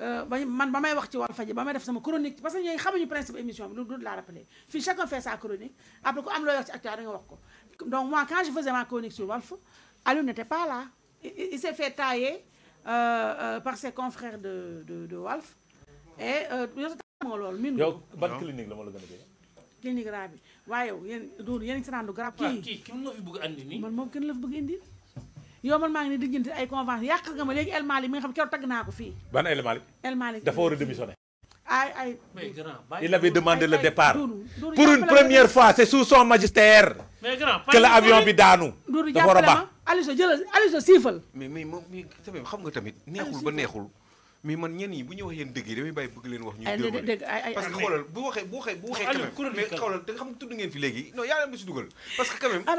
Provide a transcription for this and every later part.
Euh, man bamay wax ci Walfadjri ba may def sama chronique parce que ñooy xamuñu principe émission bi lu dul la rappeler fi chacun fait sa chronique après ko am lo wax ci actualité da nga wax ko donc moi quand je faisais ma chronique sur Walf Aliou n'était pas là il s'est fait tailler euh, euh, par ses confrères de de de Walf et euh, moo loolu min yow ban clinique la la gën a clinique raa bi waaye yow yéen Doudou yéen ngi si naan du ki mo fi bëgg andi ni man mo kenn la fi bëgg indi yow man maa ngi ne diggante ay convention yàq nga ma léegi El Malick mi nga xam keroog tagg naa ko fii. ban El Malick. El Malick dafa war a démissionner. ay ay il avait demandé le pour une première fois c'est sous son magistère que avion bi daanu dafa war a baax Aliou Sow jëlal Aliou Sow siifal mais mais moom mi tamit xam nga tamit neexul ba neexul mais man ñenn yi bu ñu waxee yéen dëgg yi damay bàyyi bëgg leen wax ñu dëgg parce que xoolal bu waxee bu waxee bu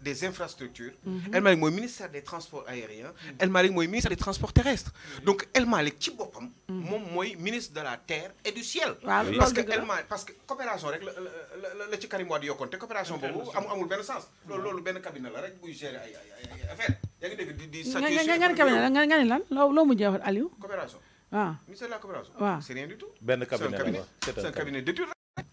des infrastructures mhm. El Malick mooy ministère des transports aériens mhm. El Malick mooy ministère des transports terrestres mhm. donc El Malick ci boppam moom mooy ministre de la terre et du ciel parce que El Malick parce que coopération rek le le ci Karim Wade yokkoon te coopération boobu amu amul benn sens loolu loolu benn cabinet là rek buy gérer ay ay affaire yaa ngi dégg di di nga nga cabinet la nga ne lan loo loo mujjee Aliou coopération Ah. ministère de la coopération c'est rien du tout benn cabinet c'est un cabinet d'études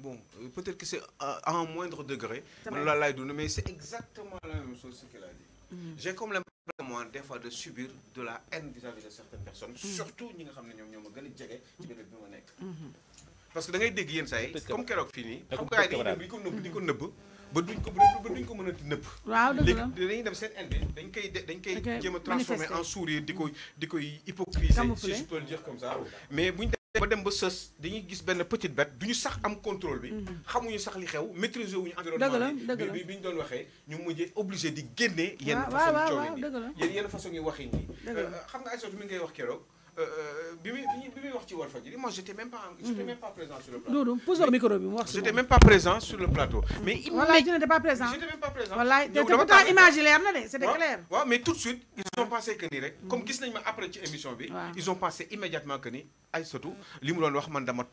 bon, euh, peut-être que c'est à, un moindre degré, mais c'est exactement la même chose qu'elle a dit. Mm. J'ai comme l'impression, des fois, de subir de la haine vis-à-vis -vis de certaines personnes, mm. surtout nous savons que train de se gens Parce que vous avez des gens, comme qu'elle a fini, comme qu'elle a dit, nous sommes ba duñ ko ba duñ ko a nëpp. waaw dëgg la léegi dañuy dañ koy dañ koy jéem transformer en sourire di ko di si je peux le dire comme ça mais dem ba sës dañuy gis benn petite bête duñu sax am contrôle bi. Mhm. xamuñu sax li xew maîtriser wuñu environnement bi bi bi ñu doon waxee ñu mujjee obligé di génne. yenn façon coow yi yenn façon yi waxin yi. Euh, xam nga ay sot mi ngay wax keroog. Euh, euh, bi bi moi j'étais même mm-hmm. même pas présent sur le plateau. non, pose le micro bi même pas présent sur le plateau. mais il wallaay tu n'étais pas présent. j'étais même pas présent. Voilà, te image c'était clair. mais tout de suite ils ont mm-hmm. pensé que ni comme gis nañ ma après ci émission bi. ils ont pensé immédiatement que ni ay surtout li mu doon man dama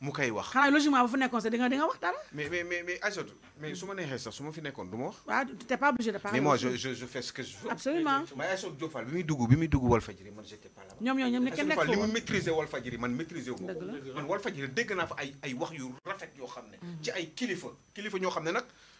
mu koy wax. xanaa logiquement bu fi nekkoon sax da nga da wax dara. mais mais mais mais Aïssatou mais su ma neexee sax su ma fi nekkoon du ma wax. waaw t'es pas obligé de parler. mais moi je je je fais ce que je veux. absolument mais Aïssatou Diop Fall bi muy dugg bi muy dugg Walfadjri man j'étais pas là. ñoom ñoo ñoom ne kenn nekkul woon Aïssatou Fall li mu maîtriser Walfadjri man maîtriser wu ma ko. man Walfadjri dégg naa fa ay ay wax yu rafet yoo xam mm-hmm. ci ay kilifa kilifa ñoo xam ne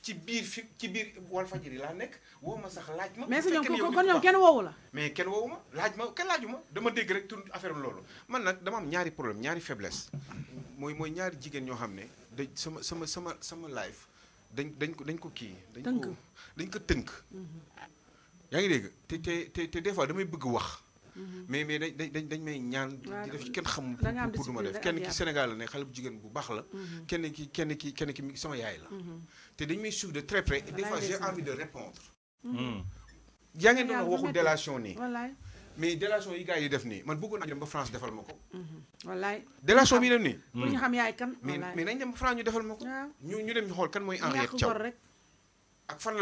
ci biir fi ci biir Walfadjri laa nekk woo ma sax laaj ma. mais kon ñoom kenn woowu la. mais kenn woowu ma laaj ma kenn laaju ma dama dégg rek tur affaire am loolu man nag dama am ñaari problème ñaari faiblesse mooy mooy ñaari jigéen ñoo xam ne dañ sama sama sama sama life dañ dañ ko dañ ko kii. dañ ko dañ ko tënk. Mhm. yaa ngi dégg te te te te des fois damay bëgg wax. Mm-hmm. mais mais dañ dañ may ñaan def pour ne bu bu la mm-hmm. kenn ki kenn ki kenn ki yaay la mm-hmm. de très près des fois j'ai envie de répondre ya ngeen doon waxu délation ni mais délation yi yi def man ba France délation bi dem ñu mais mais nañ dem France ñu defal mako ñu ñu dem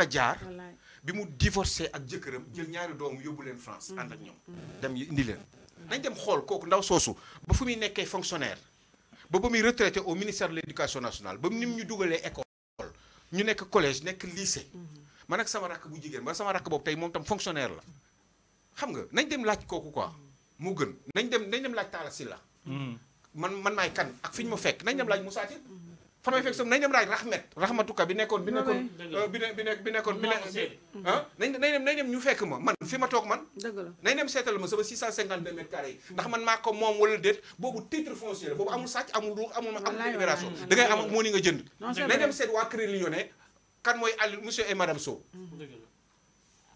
la bimu divorcé ak jëkkëram jël ñaari doomu yóbbu France and mm. ak ñom dem indi leen nañ dem xol koku ndaw soso ba fu mi nekkee fonctionnaire ba ba mi retraité au ministère de l'Éducation nationale ba nim ñu duggalé école ñu nekk collège nekk lycée mm-hmm. man ak sama rak bu jigéen ba sama rak bop tay mom tam fonctionnaire la xam nga nañ dem laaj koku quoi mo mm-hmm. gën nañ dem nañ dem laaj tala Sylla mm. man man may kan ak fiñ ñu ma fekk nañ dem laaj Moussa fan may fekk sam nañ dem raaj rahmet rahmatuka bi nekkoon bi nekkoon bi ne bi ne bi nekkoon bi ne ah nañ nañ dem nañ dem ñu fekk ma man fi ma toog man nañ dem seetal ma sama 652 mètres carrés yi ndax man maa ko moom wala déet boobu titre foncier la boobu amul sàcc amul ruux amul ma amul libération da ngay am moo ni nga jënd nañ dem seet waa Crédit Lyonnais kan mooy Aliou monsieur et madame Sow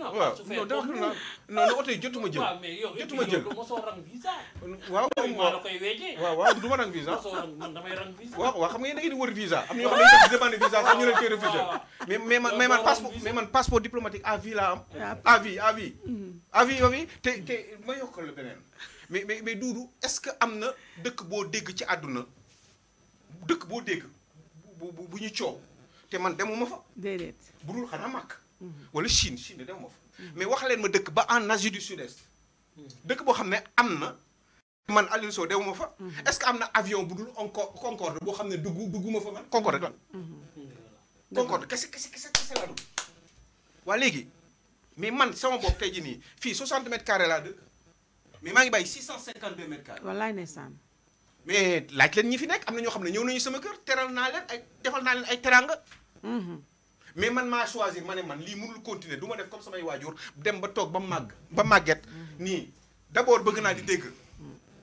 waaw non dama xam naa non non oto yi jotuma jël. waaw mais yow jotuma jël mosoo rang visa. waaw maa la du ma rang visa. mosoo rang man damay waaw waaw xam nga yéen da ngeen wër visa am na ñoo xam ne dañuy visa sax ñu leen koy refusé. mais mais mais mais te ma yokkal mais mais mais Doudou est-ce que am na dëkk boo dégg ci àdduna dëkk boo dégg bu bu te man demuma fa. déedéet Mm-hmm. wala Chine Chine de dem fa mm-hmm. mais wax leen ma dëkk ba en Asie du Sud-Est mm-hmm. dëkk boo xam ne man Alioune Sow dew ma fa est-ce que am na avion bu dul onco Concorde boo xam ne dugg dugguma fa man Concorde qu'est-ce qu'est-ce qu'est-ce kese la dul waa léegi mais man sama bopp tey jii nii fii 60 mètres carrés laa dëkk mais maa ngi bàyyi 652 mètres carrés wallaay ndeysaan mais laaj leen ñi fi nekk am na ñoo xam ne ñëw nañu sama kër teral naa leen ay defal naa leen ay teranga mais man ma choisir ma man li mënul continuer duma def comme samay waajur dem ba tok ba mag, ba maget Ni d'abord bëgg na di dégg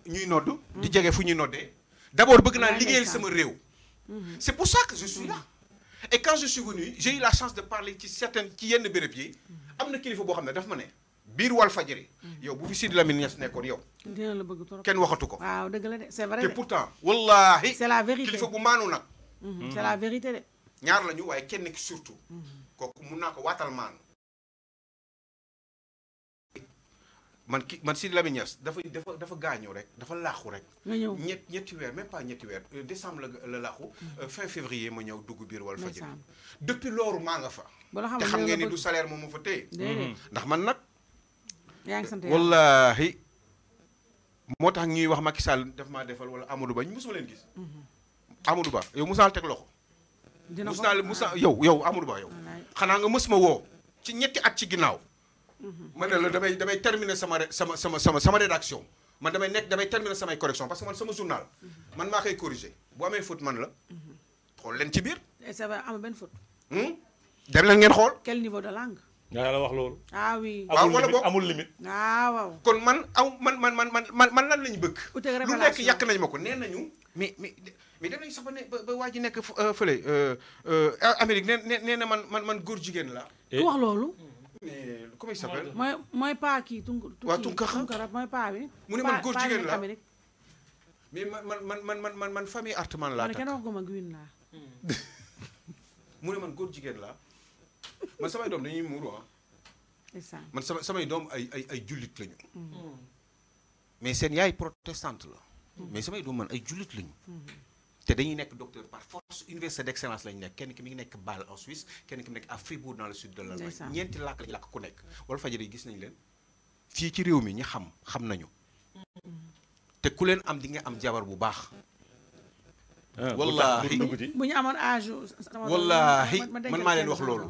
ñuy nodd di jege fu ñuy noddé d'abord bëgg na liggéeyal sama réew mhm. c'est pour ça que je suis là et quand je suis venu j'ai eu la chance de parler ci certaines ci yenn béréb yi mhm. am kilifa bo xamné daf ma né bir wal fajari mhm. yow bu fi sid Lamine Niass nekkoon yow dina la bëgg trop kenn waxatu ko waaw dëgg la dé c'est vrai Et pourtant wallahi c'est la vérité kilifa bu maanu c'est la vérité ñaar lañu waaye kenn ki surtout. Mm-hmm. kooku mun naa ko waatal maan. man ki man si Lamine Niass dafa dafa dafa gaañu rek dafa laaxu rek. nga ñëw ñett ñetti weer même pas ñetti weer euh, décembre la la laaxu. Mm-hmm. Euh, fin février ma ñëw dugg biir wal fajri. depuis loolu maa nga fa. te xam ngeen ni du salaire moom ma fa téye. Mm-hmm. ndax man nag. yaa ngi sant wallaahi moo tax ñuy wax Macky Sall daf maa defal wala Amadou Ba ñu mosuma leen gis. Amadou Ba yow musaal teg loxo. mus naa la mus naa yow yow Amadou Ba yow. xanaa nga mës ma woo ci ñetti at ci ginnaaw. Mhm. ma ne la damay damay terminer sama sama sama sama sama rédaction man damay nekk damay terminer samay correction parce que man sama journal. Mhm. man maa koy corriger bu amee faute man la. Mhm. xool leen ci biir. ça va am benn faute. Hmm? dem leen ngeen xool. quel de langue. nga la wax loolu. ah oui waaw wala boog amul limite waaw kon man aw man man man man man lan lañu bëgg. lu nekk yàq nañ ma ko nee nañu. mais mais mais dem waa ji nekk fële Amérique nee nee na man man man góor jigéen la wax loolu. mais comment il s'appelle. kii Tung. waa Tunkara Tunkara mooy bi. mu ne man góor jigéen la mais man man man man man man famille Artman laa takk. man kenn wax ko ma Gwin laa. mu ne man góor jigéen la man samay doom dañuy muuru ah. man sama samay doom ay ay ay jullit lañu. Mm-hmm. mais seen yaay protestante la. Mm-hmm. mais samay doom man ay jullit lañu. Mm-hmm. te dañuy nekk docteur par force université d'excellence lañu nekk kenn ki mi ngi nekk Bâle en Suisse kenn ki mi nekk à Fribourg dans le sud de l'Allemagne ñeenti làkk lañu làkk ku nekk. Walfadjri gis nañu leen fii ci réew mi ñi xam xam nañu. te ku leen am di nga am jabar bu baax. Ah, wallaahi bu ñu amoon âge. wallaahi man maa leen wax loolu.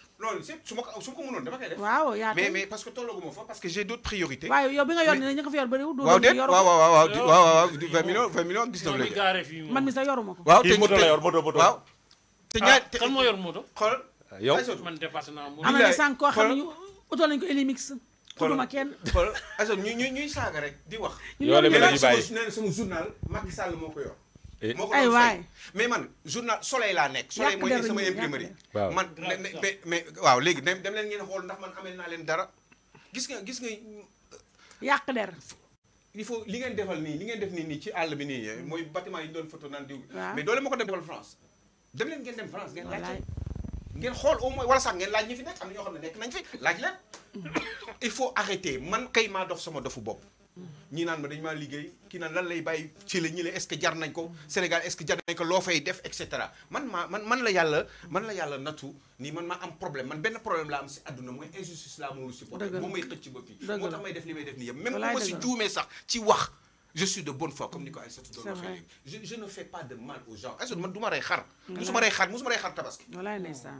Non, c'est, mais parce que j'ai d'autres priorités. waaw Eh. ay waay mais man journal soleil laa nekk soleil mooy sama imprimerie man mais waaw léegi dem leen ngeen xool ndax man amel naa leen dara gis nga gis nga euh, yàq der il faut li ngeen defal nii li ngeen def nii nii ci àll bi nii eh, mm. mooy bâtiment yi ñu doon photo naan diw mais doole ma ko dem defal France dem leen ngeen dem France ngeen laajte ngeen xool au moins wala sax ngeen laaj ñi fi nekk am na ñoo xam ne nekk nañ fi laaj leen il faut arrêter man kay maa dox sama dofu bopp ñii naan ma dañu maa liggéey ki naan lan lay bàyyi ci la ñi la est jar nañ ko Sénégal est-ce que jar nañ ko loo def et cetera man maa man man la yàlla man la yàlla nattu nii man maa am problème man benn problème la am si àdduna mooy injustice laa mënul supporter moom may xëcc ba fii moo may def li may def nii yëpp même bu ma si juumee sax ci wax je suis de bonne foi comme ni ko Aïssatou doon waxee léegi je ne fais pas de mal aux gens Aïssatou man ma rey xar musuma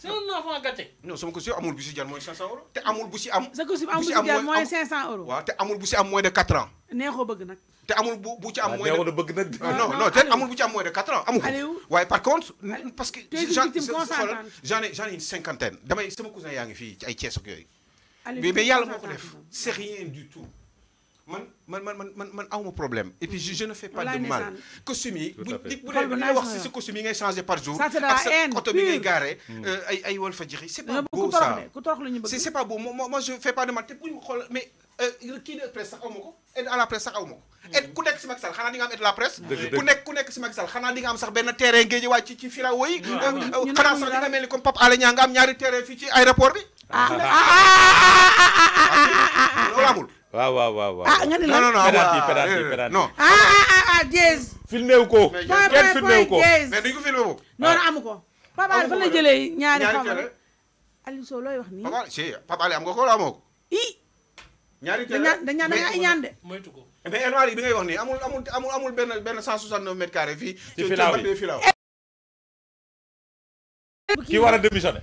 c'est un enfant gâté. non sama cousin. si amul bu si jar mooy 500 euros te amul bu si am. bu 500 euros. waaw te amul bu am moins de 4 ans. neexoo bëgg nag. te amul bu am. moins de bëgg nag. non non te amul bu am moins de 4 ans amul. waaye par contre. parce que j'en ai une cinquantaine damay sama cousin yaa ngi fii ci ay Thiès ak yooyu. mais mais yàlla moo def c'est rien du tout man man man man problème et puis je, ne fais pas de mal. costume yi vous si ce costume il changé par jour. a la presse. il a garé. ay ay a c'est pas beau ça c'est pas beau moi je fais pas de mal Mais, a la presse. mais a la presse Elle a à la presse la et presse. est a la presse. di à la presse. presse. a la presse. ah waaw waaw waaw ah nga ni la non non non non ah ah ah Diez. filmé wu ko kenn filmé wu ko mais duñ ko filmé wu. non amu ko. Pape Alé fan la jëlee ñaari xaw ma Aliou Sow looy wax nii. Pape Alé si Pape Alé am nga ko wala amoo ko. ii. ñaari télé dañ ñaan dañ ñaan de. moytu ko mais Elmar yi bi ngay wax nii amul amul amul amul benn benn 169 mètres carrés fii. ci filaaw yi ci filaaw. ki war a démissionner.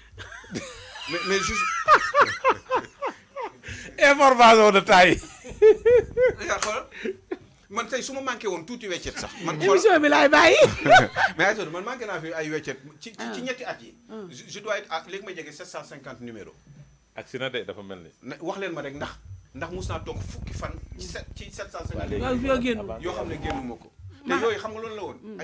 mais mais juste. information de taille. man tey su ma manqué woon tuuti weccet sax. man émission bi laay bàyyi. mais ay man manqué naa fi ay weccet. ci ci ah. ñetti at yi. Ah. je dois être à léegi ma jege 750 numéro. ak si na de dafa mel ni. wax leen ma rek ndax ndax mus naa toog fukki fan. ci set ci 750. waaw yoo génn yoo xam ne génnu ma ko. Ah. te yooyu xam nga loolu la woon. Mm.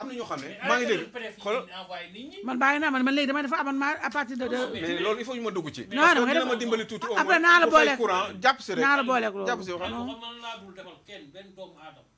am na ñoo xam ne maa ngi dégg xool man bàyyi naa man man léegi dama dafa amoon ma à partir de. mais loolu il faut ñu ma dugg ci. non non dina ma dimbali tuuti au naa la booleeg courant jàpp si rek. naa la booleeg loolu